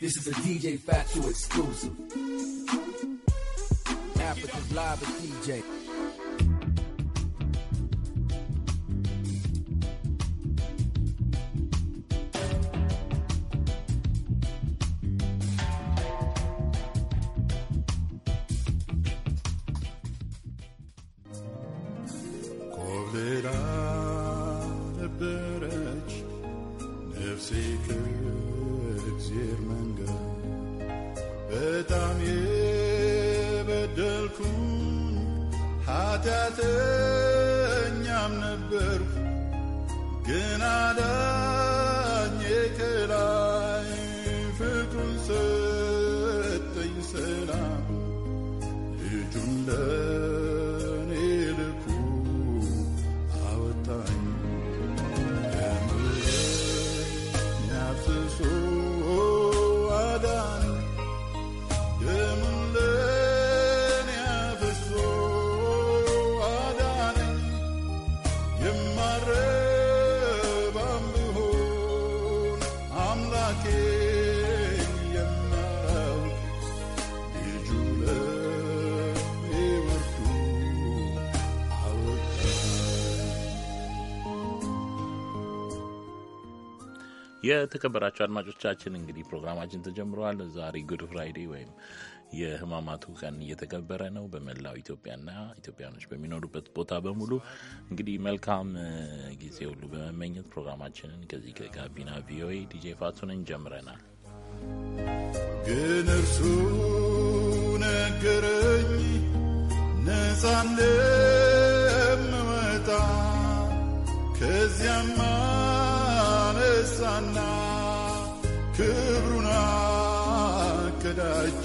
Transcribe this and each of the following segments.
This is a DJ Fatu exclusive. Africa's live with DJ. Corderà e perec, nefsi che በእግዜር መንገድ በጣም የበደልኩኝ ኃጢአተኛም ነበርኩ፣ ግን አዳኜ ከላይ ፍቅሩን ሰጠኝ ሰላም ልጁን የተከበራቸው አድማጮቻችን እንግዲህ ፕሮግራማችን ተጀምረዋል። ዛሬ ጉድ ፍራይዴ ወይም የህማማቱ ቀን እየተከበረ ነው በመላው ኢትዮጵያና ኢትዮጵያኖች በሚኖሩበት ቦታ በሙሉ። እንግዲህ መልካም ጊዜ ሁሉ በመመኘት ፕሮግራማችንን ከዚህ ከጋቢና ቪኦኤ ዲጄ ፋቱንን ጀምረናል። ግን እርሱ ነገረኝ ነጻ እንደምወጣ ከዚያማ ረሳና ክብሩን አከዳጅ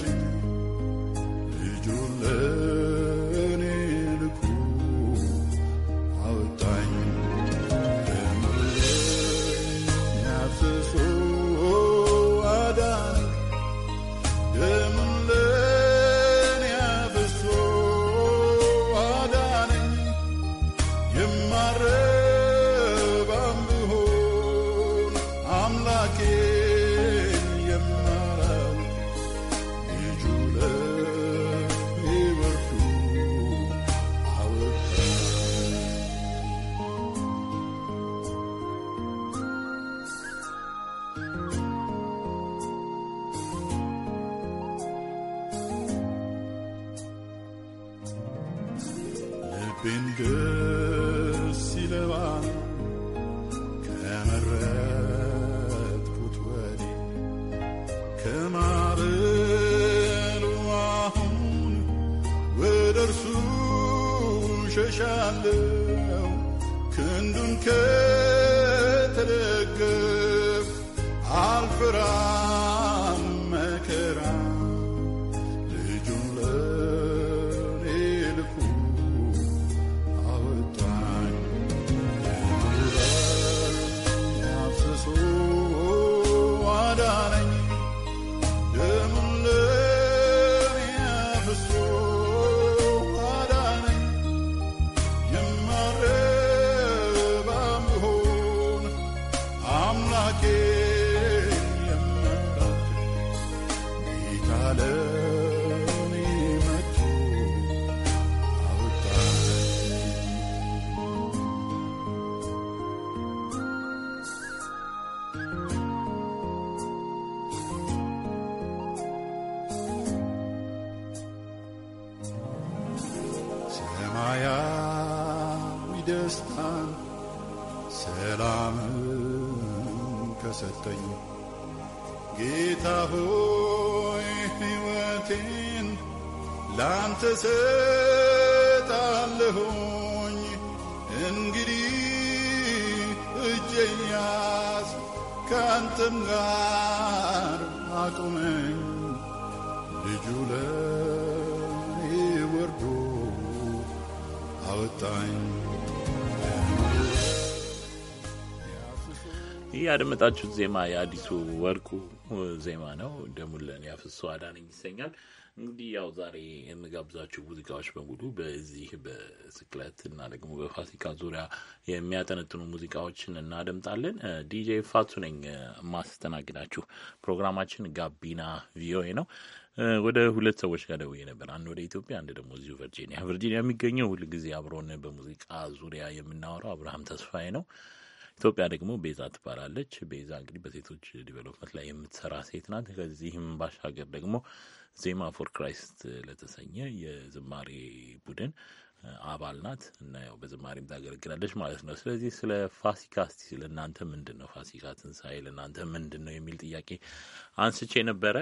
ጌታ ሆይ ሕይወቴን ላንተ ሰጣለሁኝ እንግዲህ እጄን ያዝ ከአንተም ጋር አቁመኝ ልጁ ለኔ ወርዶ አወጣኝ። ያደመጣችሁት ዜማ የአዲሱ ወርቁ ዜማ ነው። ደሙለን ለእኔ አዳነኝ ይሰኛል። እንግዲህ ያው ዛሬ የምጋብዛችሁ ሙዚቃዎች በሙሉ በዚህ በስቅለት እና ደግሞ በፋሲካ ዙሪያ የሚያጠነጥኑ ሙዚቃዎችን እናደምጣለን። ዲጄ ፋቱ ነኝ ማስተናግዳችሁ። ፕሮግራማችን ጋቢና ቪኦኤ ነው። ወደ ሁለት ሰዎች ጋር ደውዬ ነበር። አንድ ወደ ኢትዮጵያ፣ አንድ ደግሞ እዚሁ ቨርጂኒያ ቨርጂኒያ የሚገኘው ሁልጊዜ አብሮን በሙዚቃ ዙሪያ የምናወራው አብርሃም ተስፋዬ ነው። ኢትዮጵያ ደግሞ ቤዛ ትባላለች። ቤዛ እንግዲህ በሴቶች ዲቨሎፕመንት ላይ የምትሰራ ሴት ናት። ከዚህም ባሻገር ደግሞ ዜማ ፎር ክራይስት ለተሰኘ የዝማሬ ቡድን አባል ናት እና ያው በዝማሬም ታገለግላለች ማለት ነው። ስለዚህ ስለ ፋሲካ እስቲ ለእናንተ ምንድን ነው ፋሲካ ትንሣኤ ለእናንተ ምንድን ነው የሚል ጥያቄ አንስቼ ነበረ።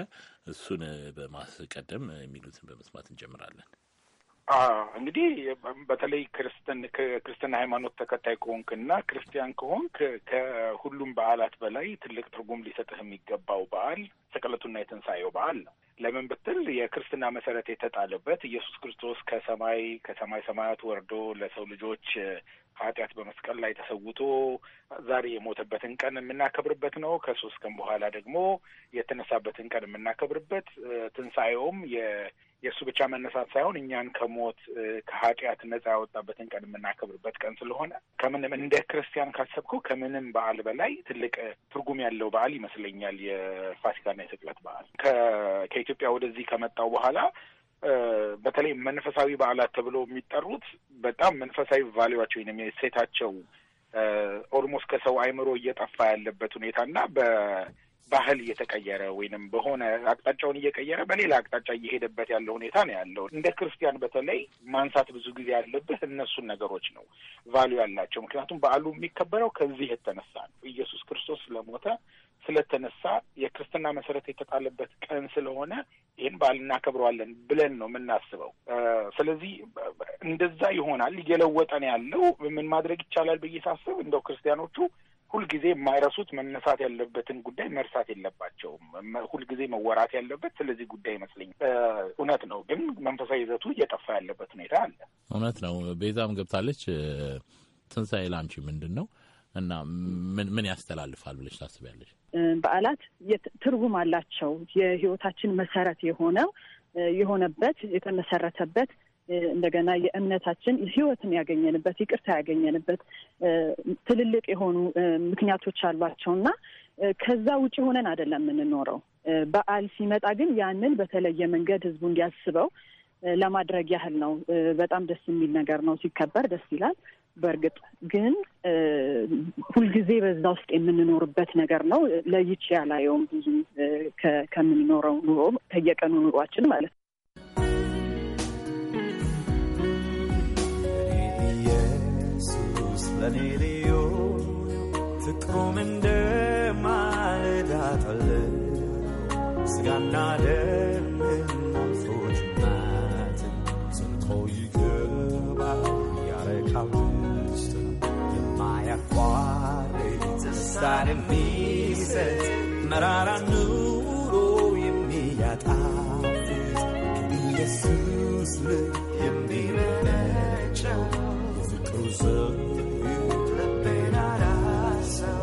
እሱን በማስቀደም የሚሉትን በመስማት እንጀምራለን። እንግዲህ በተለይ ክርስትን ክርስትና ሃይማኖት ተከታይ ከሆንክና ክርስቲያን ከሆንክ ከሁሉም በዓላት በላይ ትልቅ ትርጉም ሊሰጥህ የሚገባው በዓል ስቅለቱና የትንሣኤው በዓል ነው። ለምን ብትል የክርስትና መሰረት የተጣለበት ኢየሱስ ክርስቶስ ከሰማይ ከሰማይ ሰማያት ወርዶ ለሰው ልጆች ኃጢአት በመስቀል ላይ ተሰውቶ ዛሬ የሞተበትን ቀን የምናከብርበት ነው። ከሶስት ቀን በኋላ ደግሞ የተነሳበትን ቀን የምናከብርበት ትንሣኤውም የእሱ ብቻ መነሳት ሳይሆን እኛን ከሞት ከኃጢአት ነጻ ያወጣበትን ቀን የምናከብርበት ቀን ስለሆነ ከምንም እንደ ክርስቲያን ካሰብከው ከምንም በዓል በላይ ትልቅ ትርጉም ያለው በዓል ይመስለኛል የፋሲካ የስቅለት በዓል ከኢትዮጵያ ወደዚህ ከመጣው በኋላ በተለይ መንፈሳዊ በዓላት ተብሎ የሚጠሩት በጣም መንፈሳዊ ቫሊዋቸው ወይም የሴታቸው ኦልሞስት ከሰው አይምሮ እየጠፋ ያለበት ሁኔታና በባህል እየተቀየረ ወይንም በሆነ አቅጣጫውን እየቀየረ በሌላ አቅጣጫ እየሄደበት ያለ ሁኔታ ነው ያለው። እንደ ክርስቲያን በተለይ ማንሳት ብዙ ጊዜ ያለብህ እነሱን ነገሮች ነው ቫሊዩ ያላቸው። ምክንያቱም በዓሉ የሚከበረው ከዚህ የተነሳ ነው ኢየሱስ ክርስቶስ ስለሞተ ስለተነሳ የክርስትና መሰረት የተጣለበት ቀን ስለሆነ ይህን በዓል እናከብረዋለን ብለን ነው የምናስበው። ስለዚህ እንደዛ ይሆናል። እየለወጠ ነው ያለው። ምን ማድረግ ይቻላል ብዬ ሳስብ እንደው ክርስቲያኖቹ ሁልጊዜ የማይረሱት መነሳት ያለበትን ጉዳይ መርሳት የለባቸውም። ሁልጊዜ መወራት ያለበት ስለዚህ ጉዳይ ይመስለኛል። እውነት ነው፣ ግን መንፈሳዊ ይዘቱ እየጠፋ ያለበት ሁኔታ አለ። እውነት ነው። ቤዛም ገብታለች። ትንሣኤ ላንቺ ምንድን ነው? እና ምን ምን ያስተላልፋል ብለሽ ታስቢያለሽ? በዓላት ትርጉም አላቸው። የህይወታችን መሰረት የሆነው የሆነበት የተመሰረተበት እንደገና የእምነታችን ህይወትን ያገኘንበት ይቅርታ ያገኘንበት ትልልቅ የሆኑ ምክንያቶች አሏቸው እና ከዛ ውጭ ሆነን አይደለም የምንኖረው። በዓል ሲመጣ ግን ያንን በተለየ መንገድ ህዝቡ እንዲያስበው ለማድረግ ያህል ነው። በጣም ደስ የሚል ነገር ነው። ሲከበር ደስ ይላል። በእርግጥ ግን ሁልጊዜ በዛ ውስጥ የምንኖርበት ነገር ነው። ለይቼ ያላየውም ብዙ ከምንኖረው ኑሮ ከየቀኑ ኑሯችን ማለት ነው። ኢየሱስ ልዩ ፍቅሩም ስጋና ተስፋን የሚሰጥ መራራ ኑሮ የሚያጣፍጥ ኢየሱስ ልብ የሚመነጨው የፍቅሩ ዘይት ልቤን አራሰው።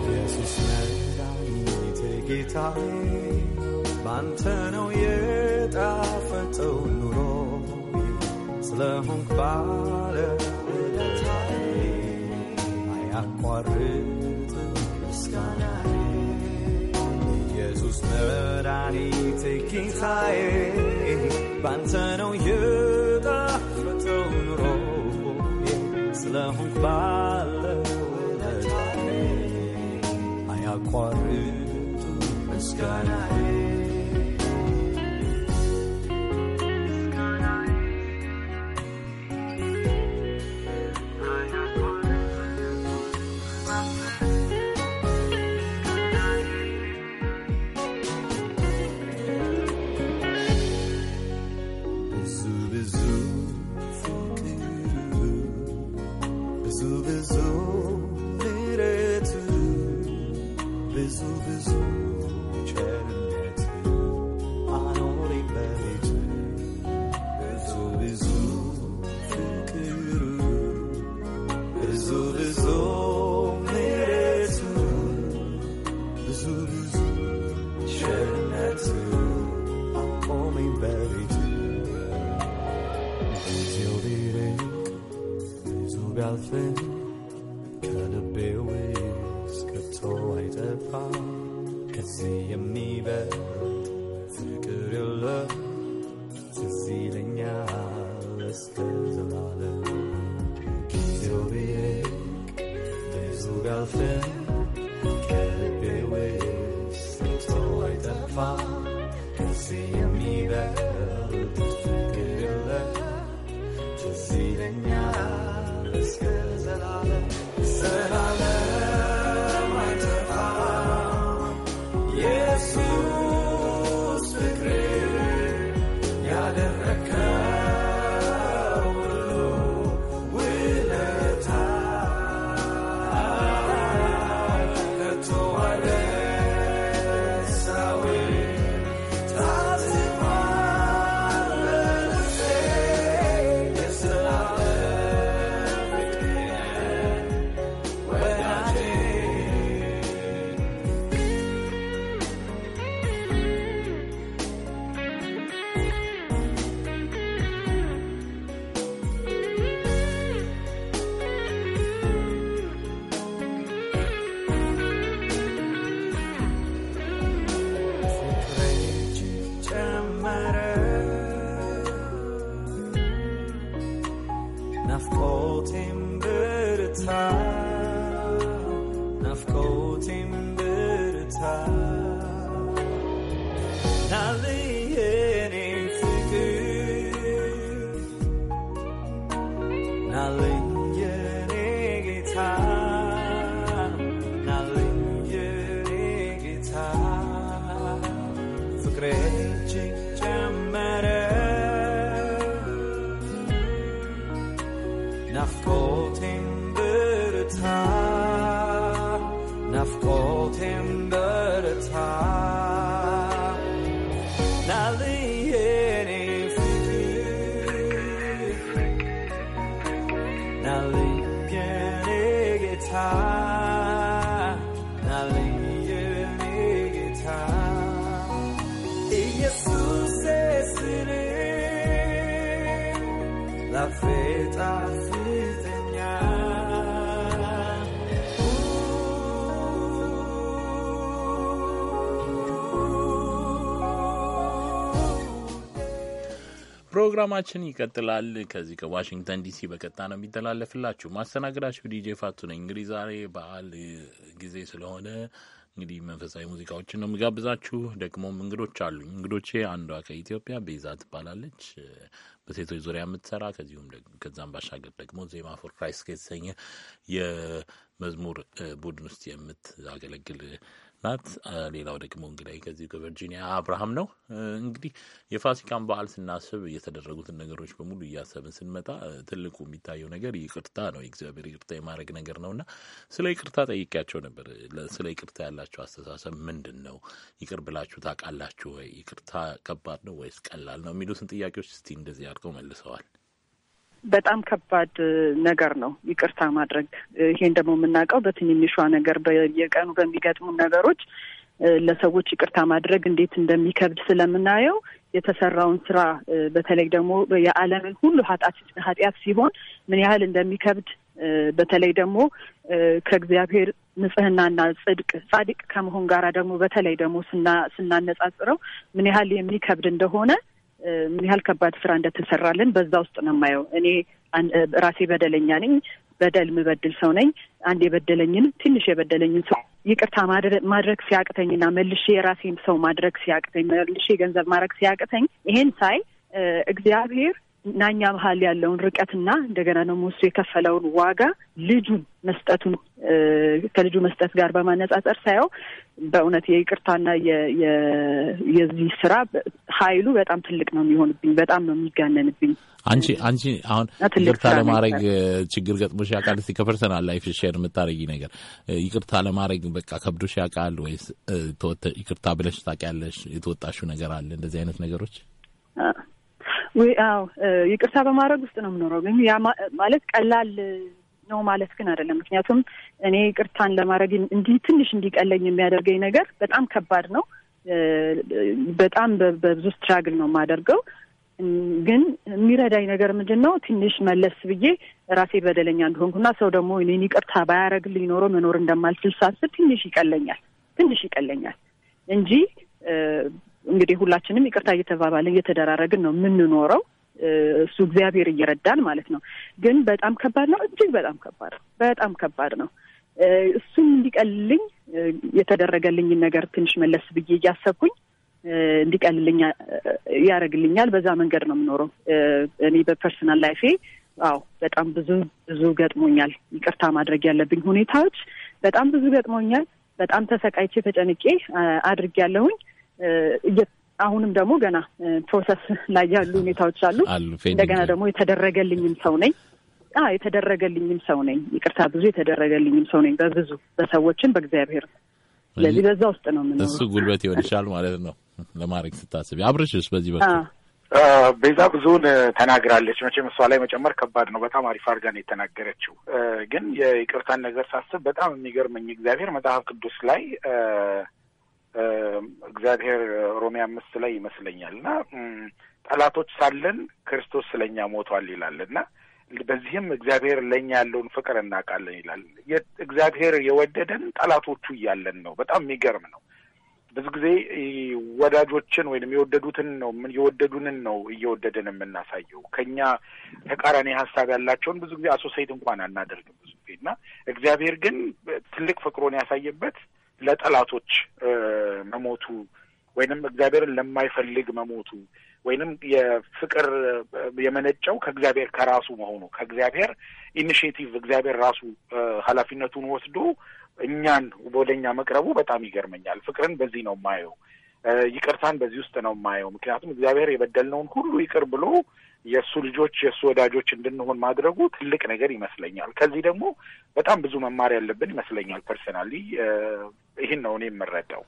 ኢየሱስ መድኃኒቴ ጌታዬ ባንተ ነው የጣፈጠው ኑሮ ስለሆንክ ባለ ውለታዬ አያቋርጥ ምስጋናዬ ኢየሱስ መድኃኒቴ ጌታዬ ባንተ ነው የጣፈጠው ኑሮ ስለሆንክ ባለው ውለታዬ አያቋርጥ ምስጋናዬ Belfast ፕሮግራማችን ይቀጥላል። ከዚህ ከዋሽንግተን ዲሲ በቀጥታ ነው የሚተላለፍላችሁ። ማስተናገዳችሁ ዲጄ ፋቱ ነኝ። እንግዲህ ዛሬ በዓል ጊዜ ስለሆነ እንግዲህ መንፈሳዊ ሙዚቃዎችን ነው የሚጋብዛችሁ። ደግሞም እንግዶች አሉኝ። እንግዶቼ አንዷ ከኢትዮጵያ ቤዛ ትባላለች በሴቶች ዙሪያ የምትሰራ ከዚሁም ከዛም ባሻገር ደግሞ ዜማ ፎር ክራይስት የተሰኘ የመዝሙር ቡድን ውስጥ የምታገለግል ናት። ሌላው ደግሞ እንግዲህ ከዚሁ ከቨርጂኒያ አብርሃም ነው። እንግዲህ የፋሲካን በዓል ስናስብ የተደረጉትን ነገሮች በሙሉ እያሰብን ስንመጣ ትልቁ የሚታየው ነገር ይቅርታ ነው። የእግዚአብሔር ይቅርታ የማድረግ ነገር ነው እና ስለ ይቅርታ ጠይቄያቸው ነበር። ስለ ይቅርታ ያላቸው አስተሳሰብ ምንድን ነው? ይቅር ብላችሁ ታውቃላችሁ ወይ? ይቅርታ ከባድ ነው ወይስ ቀላል ነው? የሚሉትን ጥያቄዎች እስቲ እንደዚህ አድርገው መልሰዋል። በጣም ከባድ ነገር ነው ይቅርታ ማድረግ። ይሄን ደግሞ የምናውቀው በትንንሿ ነገር በየቀኑ በሚገጥሙ ነገሮች ለሰዎች ይቅርታ ማድረግ እንዴት እንደሚከብድ ስለምናየው የተሰራውን ስራ በተለይ ደግሞ የዓለምን ሁሉ ኃጢአት ሲሆን ምን ያህል እንደሚከብድ በተለይ ደግሞ ከእግዚአብሔር ንጽህናና ጽድቅ ጻድቅ ከመሆን ጋራ ደግሞ በተለይ ደግሞ ስናነጻጽረው ምን ያህል የሚከብድ እንደሆነ ምን ያህል ከባድ ስራ እንደተሰራልን በዛ ውስጥ ነው የማየው። እኔ ራሴ በደለኛ ነኝ፣ በደል የምበድል ሰው ነኝ። አንድ የበደለኝን ትንሽ የበደለኝን ሰው ይቅርታ ማድረግ ሲያቅተኝና መልሼ የራሴን ሰው ማድረግ ሲያቅተኝ፣ መልሼ ገንዘብ ማድረግ ሲያቅተኝ ይሄን ሳይ እግዚአብሔር እና እኛ መሀል ያለውን ርቀትና እንደገና ደግሞ እሱ የከፈለውን ዋጋ ልጁን መስጠቱን ከልጁ መስጠት ጋር በማነጻጸር ሳየው በእውነት የይቅርታና የዚህ ስራ ኃይሉ በጣም ትልቅ ነው የሚሆንብኝ። በጣም ነው የሚጋነንብኝ። አንቺ አንቺ አሁን ይቅርታ ለማድረግ ችግር ገጥሞሽ ያውቃል? እስኪ ከፐርሰናል ላይፍ ሼር የምታደርጊ ነገር ይቅርታ ለማድረግ በቃ ከብዶሽ ያውቃል ወይስ ይቅርታ ብለሽ ታውቂያለሽ? የተወጣሽው ነገር አለ እንደዚህ አይነት ነገሮች ወይ? አዎ ይቅርታ በማድረግ ውስጥ ነው የምኖረው። ግን ያ ማለት ቀላል ነው ማለት ግን አይደለም። ምክንያቱም እኔ ይቅርታን ለማድረግ እንዲህ ትንሽ እንዲቀለኝ የሚያደርገኝ ነገር በጣም ከባድ ነው። በጣም በብዙ ስትራግል ነው የማደርገው። ግን የሚረዳኝ ነገር ምንድን ነው? ትንሽ መለስ ብዬ ራሴ በደለኛ እንደሆንኩና ሰው ደግሞ እኔን ይቅርታ ባያደርግልኝ ኖሮ መኖር እንደማልችል ሳስብ ትንሽ ይቀለኛል፣ ትንሽ ይቀለኛል እንጂ እንግዲህ ሁላችንም ይቅርታ እየተባባልን እየተደራረግን ነው የምንኖረው። እሱ እግዚአብሔር እየረዳን ማለት ነው። ግን በጣም ከባድ ነው፣ እጅግ በጣም ከባድ ነው፣ በጣም ከባድ ነው። እሱም እንዲቀልልኝ የተደረገልኝን ነገር ትንሽ መለስ ብዬ እያሰብኩኝ እንዲቀልልኝ ያደርግልኛል። በዛ መንገድ ነው የምኖረው እኔ በፐርሰናል ላይፌ። አዎ በጣም ብዙ ብዙ ገጥሞኛል። ይቅርታ ማድረግ ያለብኝ ሁኔታዎች በጣም ብዙ ገጥሞኛል። በጣም ተሰቃይቼ ተጨንቄ አድርጌያለሁኝ። አሁንም ደግሞ ገና ፕሮሰስ ላይ ያሉ ሁኔታዎች አሉ። እንደገና ደግሞ የተደረገልኝም ሰው ነኝ የተደረገልኝም ሰው ነኝ። ይቅርታ ብዙ የተደረገልኝም ሰው ነኝ በብዙ በሰዎችን በእግዚአብሔር። ስለዚህ በዛ ውስጥ ነው ምን እሱ ጉልበት ይሆንሻል ማለት ነው ለማድረግ ስታስቢ። አብርሽስ በዚህ በኩል ቤዛ ብዙውን ተናግራለች። መቼም እሷ ላይ መጨመር ከባድ ነው። በጣም አሪፍ አድርጋ ነው የተናገረችው። ግን የይቅርታን ነገር ሳስብ በጣም የሚገርመኝ እግዚአብሔር መጽሐፍ ቅዱስ ላይ እግዚአብሔር ሮሜ አምስት ላይ ይመስለኛል እና ጠላቶች ሳለን ክርስቶስ ስለ እኛ ሞቷል ይላል እና በዚህም እግዚአብሔር ለእኛ ያለውን ፍቅር እናውቃለን ይላል። እግዚአብሔር የወደደን ጠላቶቹ እያለን ነው። በጣም የሚገርም ነው። ብዙ ጊዜ ወዳጆችን ወይም የወደዱትን ነው የወደዱንን ነው እየወደደን የምናሳየው። ከኛ ተቃራኒ ሀሳብ ያላቸውን ብዙ ጊዜ አሶሳይት እንኳን አናደርግም ብዙ ጊዜ እና እግዚአብሔር ግን ትልቅ ፍቅሩን ያሳየበት ለጠላቶች መሞቱ ወይንም እግዚአብሔርን ለማይፈልግ መሞቱ ወይንም የፍቅር የመነጨው ከእግዚአብሔር ከራሱ መሆኑ ከእግዚአብሔር ኢኒሽቲቭ እግዚአብሔር ራሱ ኃላፊነቱን ወስዶ እኛን ወደ እኛ መቅረቡ በጣም ይገርመኛል። ፍቅርን በዚህ ነው ማየው። ይቅርታን በዚህ ውስጥ ነው የማየው። ምክንያቱም እግዚአብሔር የበደልነውን ሁሉ ይቅር ብሎ የእሱ ልጆች የእሱ ወዳጆች እንድንሆን ማድረጉ ትልቅ ነገር ይመስለኛል። ከዚህ ደግሞ በጣም ብዙ መማር ያለብን ይመስለኛል። ፐርሰናሊ ይህን ነው እኔ የምረዳው።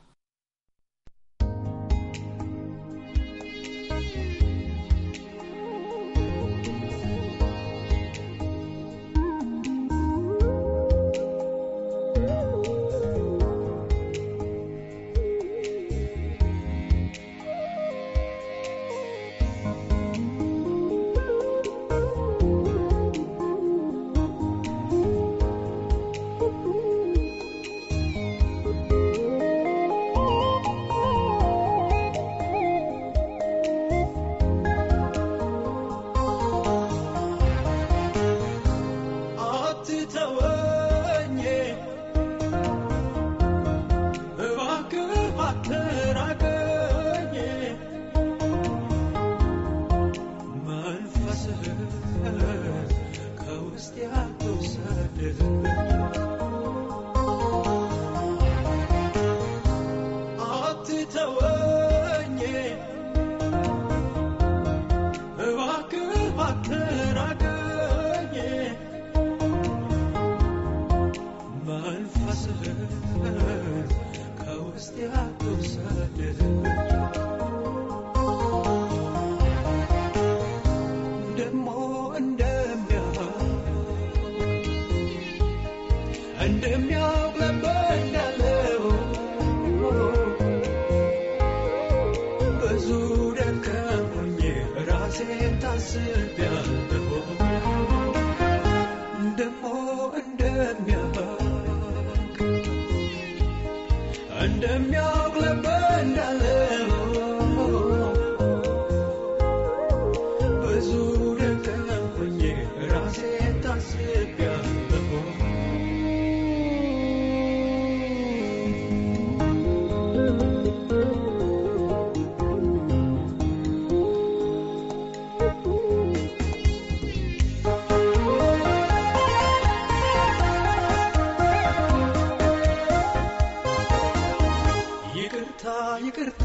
ይቅርታ ይቅርታ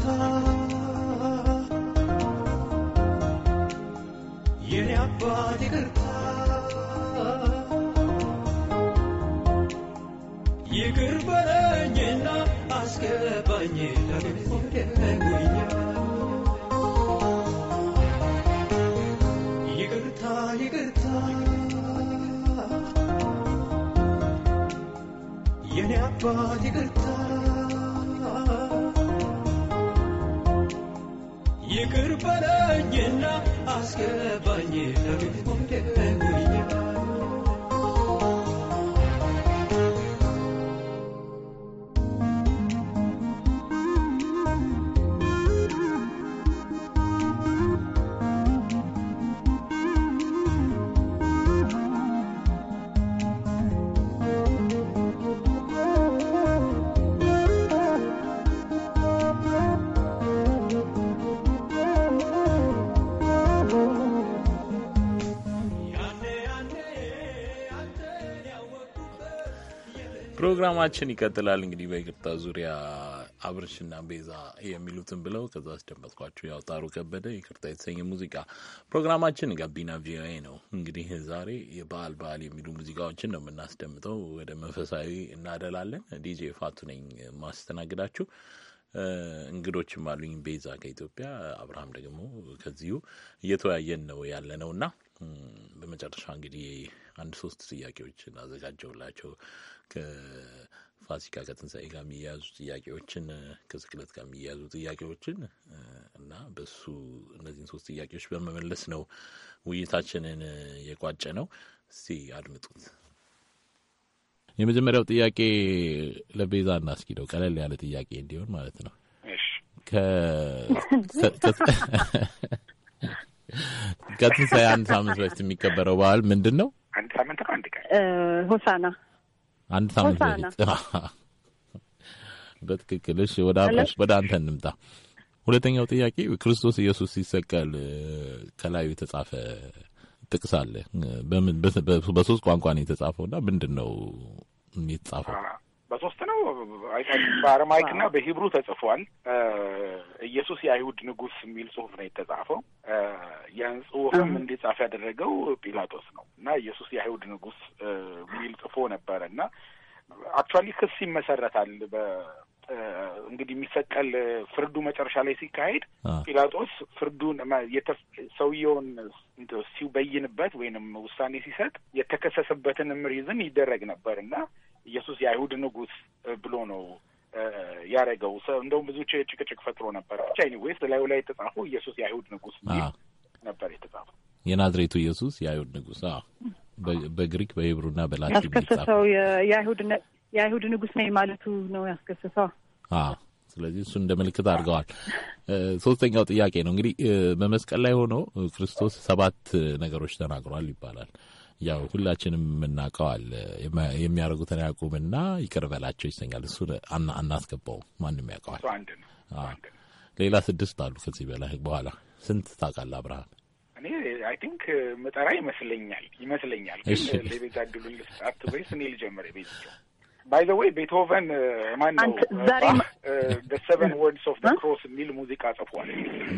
የኔ አባት ይቅርታ ይቅር በለኝና አስገባኝ ለቤት ይቅርታ ይቅርታ የኔ አባት ይቅርታ ይቅር በለኝና አስገባኝ ፕሮግራማችን ይቀጥላል። እንግዲህ በይቅርታ ዙሪያ አብርሽና ቤዛ የሚሉትን ብለው ከዛ አስደመጥኳቸው ያውጣሩ ከበደ ይቅርታ የተሰኘ ሙዚቃ ፕሮግራማችን ጋቢና ቪኦኤ ነው። እንግዲህ ዛሬ የበዓል በዓል የሚሉ ሙዚቃዎችን ነው የምናስደምጠው። ወደ መንፈሳዊ እናደላለን። ዲጄ ፋቱ ነኝ ማስተናግዳችሁ። እንግዶችም አሉኝ። ቤዛ ከኢትዮጵያ አብርሃም ደግሞ ከዚሁ እየተወያየን ነው ያለ ነው እና በመጨረሻ እንግዲህ አንድ ሶስት ጥያቄዎች አዘጋጀውላቸው ከፋሲካ ከትንሳኤ ጋር የሚያያዙ ጥያቄዎችን ከስቅለት ጋር የሚያያዙ ጥያቄዎችን እና በሱ እነዚህን ሶስት ጥያቄዎች በመመለስ ነው ውይይታችንን የቋጨ ነው። እስቲ አድምጡት። የመጀመሪያው ጥያቄ ለቤዛ እና ነው ቀለል ያለ ጥያቄ እንዲሆን ማለት ነው። ከትንሳኤ አንድ ሳምንት በፊት የሚከበረው በዓል ምንድን ነው? አንድ ሳምንት ነው። አንድ ቀን ሆሳና አንድ ሳምንት በፊት በትክክል። እሺ፣ ወደ ወደ አንተ እንምጣ። ሁለተኛው ጥያቄ ክርስቶስ ኢየሱስ ሲሰቀል ከላዩ የተጻፈ ጥቅስ አለ። በሶስት ቋንቋ ነው የተጻፈውና ምንድን ነው የተጻፈው? በሶስት ነው በአረማይክ ና በሂብሩ ተጽፏል። ኢየሱስ የአይሁድ ንጉስ የሚል ጽሁፍ ነው የተጻፈው። ያን ጽሁፍም እንዲጻፍ ያደረገው ጲላጦስ ነው እና ኢየሱስ የአይሁድ ንጉስ የሚል ጽፎ ነበረ እና አክቹዋሊ ክስ ይመሰረታል እንግዲህ የሚሰቀል ፍርዱ መጨረሻ ላይ ሲካሄድ ጲላጦስ ፍርዱን ሰውየውን ሲበይንበት ወይንም ውሳኔ ሲሰጥ የተከሰሰበትንም ሪዝን ይደረግ ነበር እና ኢየሱስ የአይሁድ ንጉስ ብሎ ነው ያደረገው። እንደውም ብዙ ጭቅጭቅ ፈጥሮ ነበር። ብቻ ኒዌስ ላዩ ላይ የተጻፉ ኢየሱስ የአይሁድ ንጉስ ነበር የተጻፉ የናዝሬቱ ኢየሱስ የአይሁድ ንጉስ በግሪክ በሂብሩና በላቲን ያስከሰሰው የአይሁድ ንጉስ ነኝ ማለቱ ነው ያስከሰሰው። ስለዚህ እሱ እንደ ምልክት አድርገዋል። ሶስተኛው ጥያቄ ነው እንግዲህ በመስቀል ላይ ሆኖ ክርስቶስ ሰባት ነገሮች ተናግሯል ይባላል። ያው ሁላችንም የምናውቀዋል። የሚያደርጉትን ያቁምና ይቅር በላቸው ይሰኛል። እሱ አናስገባውም፣ ማንም ያውቀዋል። ሌላ ስድስት አሉ ከዚህ በላይ በኋላ ስንት ታውቃለህ አብርሃም? እኔ አይ ቲንክ መጠራ ይመስለኛል ይመስለኛል። ግን ለቤዛ ድሉል ሰዓት ወይስ እኔ ልጀምር? ቤዝ ባይ ዘ ወይ ቤትሆቨን ማን ነው ዛሬ ሰቨን ወርድስ ኦፍ ደ ክሮስ የሚል ሙዚቃ ጽፏል።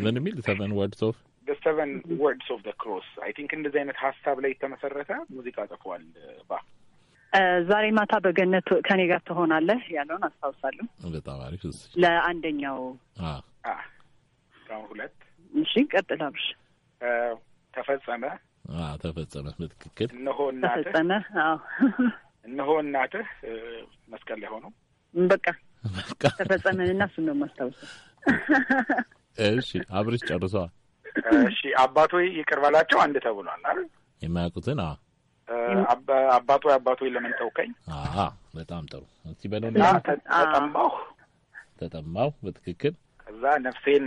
ምን የሚል ሰቨን ወርድስ ኦፍ ሰቨን ወርድስ ኦፍ ዘ ክሮስ አይ ቲንክ እንደዚህ አይነት ሀሳብ ላይ የተመሰረተ ሙዚቃ ጽፏል። ባ ዛሬ ማታ በገነት ከኔ ጋር ትሆናለህ ያለውን አስታውሳለሁ። በጣም አሪፍ። ለአንደኛው አሁን ሁለት። እሺ ቀጥል ተፈጸመ ተፈጸመ፣ በትክክል እነሆ እናትህ ተፈጸመ። እነሆ እናትህ መስቀል ላይ ሆነው በቃ በቃ ተፈጸመን እና እሱን ነው የማስታውሰው። እሺ አብርሽ ጨርሷል። እሺ አባቶይ ይቅር በላቸው አንድ ተብሏል አይደል? የማያውቁትን አዎ አባቶ አባቶ ለምን ተውከኝ? በጣም ጥሩ። እስቲ በለው ተጠማሁ ተጠማሁ። በትክክል ከዛ ነፍሴን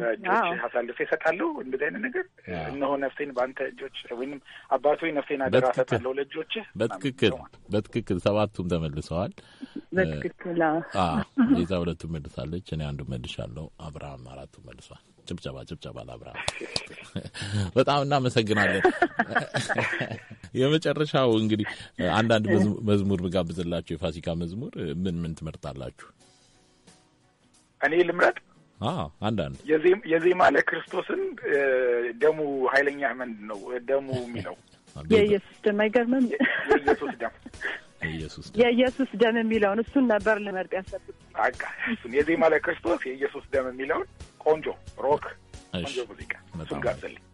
በእጆች አሳልፌ እሰጣለሁ። እንደዚህ አይነት ነገር እነሆ ነፍሴን በአንተ እጆች ወይም አባቶ ነፍሴን አደራ እሰጣለሁ ለእጆችህ። በትክክል በትክክል ሰባቱም ተመልሰዋል። በትክክል ቤዛ ሁለቱ መልሳለች፣ እኔ አንዱ መልሻለሁ። አብርሃም አራቱ መልሷል። ጭብጨባ ጭብጨባ ለአብርሃም። በጣም እናመሰግናለን። የመጨረሻው እንግዲህ አንዳንድ መዝሙር ብጋብዝላችሁ የፋሲካ መዝሙር ምን ምን ትመርጣላችሁ? እኔ ልምረጥ አንዳንድ የዜማ ለክርስቶስን ደሙ ኃይለኛ ምንድን ነው ደሙ የሚለው የኢየሱስ ደም አይገርምም? የኢየሱስ ደም የኢየሱስ ደም የሚለውን እሱን ነበር ልመርጥ ያሰብኩት። በቃ እሱን የዜማ ለክርስቶስ የኢየሱስ ደም የሚለውን ቆንጆ ሮክ ቆንጆ ሙዚቃ እሱን ጋብዘልኝ።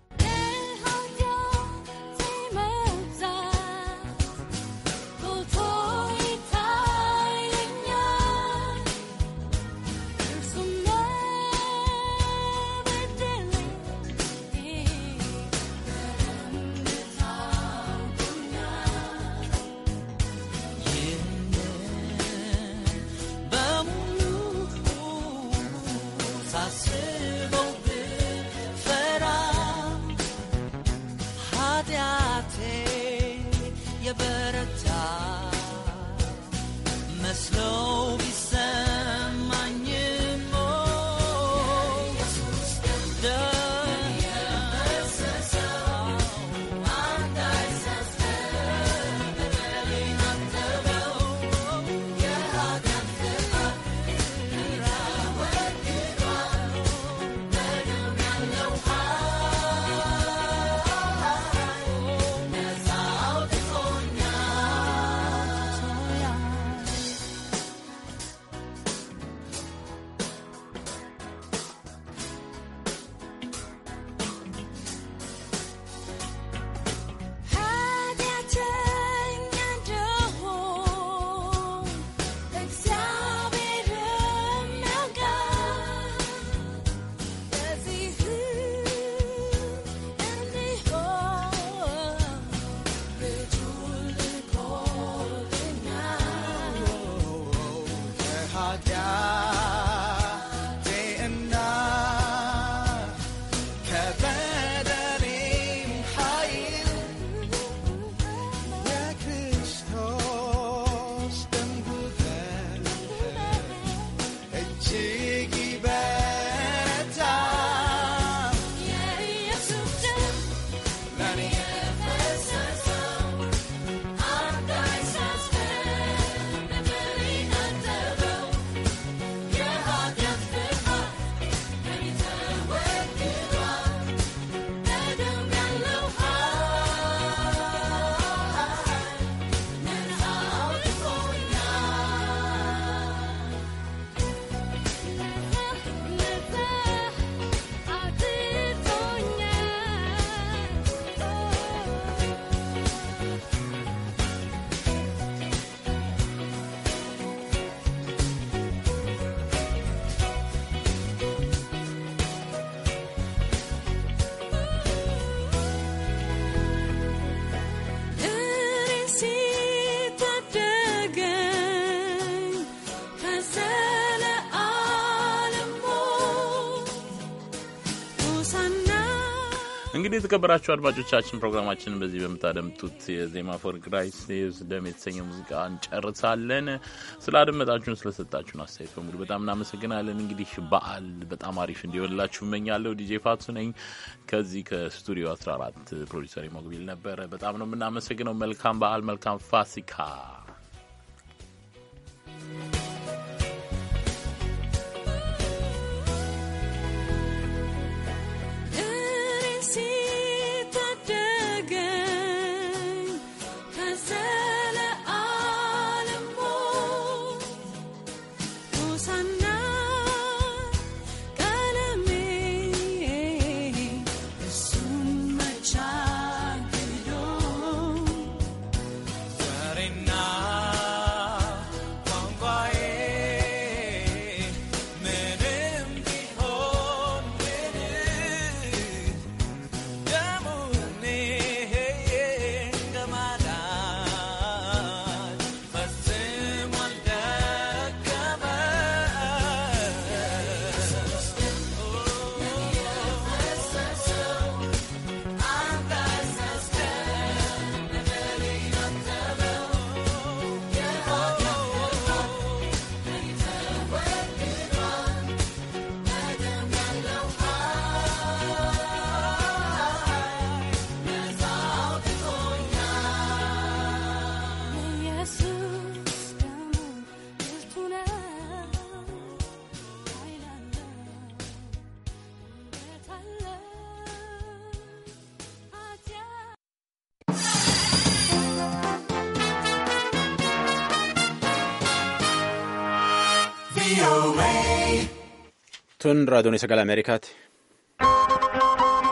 እንግዲህ የተከበራችሁ አድማጮቻችን ፕሮግራማችንን በዚህ በምታደምጡት የዜማ ፎር ግራይስ ሴቭስ ደም የተሰኘ ሙዚቃ እንጨርሳለን። ስላደመጣችሁን፣ ስለሰጣችሁን አስተያየት በሙሉ በጣም እናመሰግናለን። እንግዲህ በዓል በጣም አሪፍ እንዲሆንላችሁ እመኛለሁ። ዲጄ ፋቱ ነኝ ከዚህ ከስቱዲዮ 14 ፕሮዲሰር ሞግቢል ነበረ። በጣም ነው የምናመሰግነው። መልካም በዓል፣ መልካም ፋሲካ። Tun raadiyoon sagalee Ameerikaati.